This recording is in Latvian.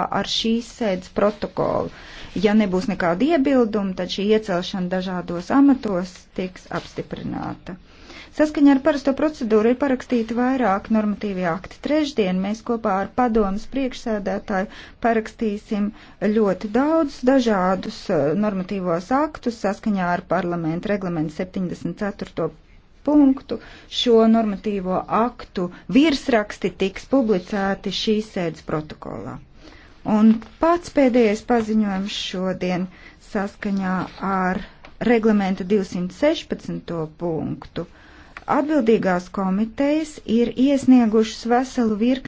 ar šīs sēdes protokolu. Ja nebūs nekāda iebilduma, tad šī iecelšana dažādos amatos tiks apstiprināta. Saskaņā ar parasto procedūru ir parakstīti vairāki normatīvi akti. Trešdien mēs kopā ar padomas priekšsēdētāju parakstīsim ļoti daudz dažādus eh, normatīvos aktus saskaņā ar parlamentu reglamentu 74. punktu. Šo normatīvo aktu virsraksti tiks publicēti šīs sēdes protokolā. Un pats pēdējais paziņojums šodien saskaņā ar reglamenta 216. punktu. Atbildīgās komitejas ir iesniegušas veselu virkni.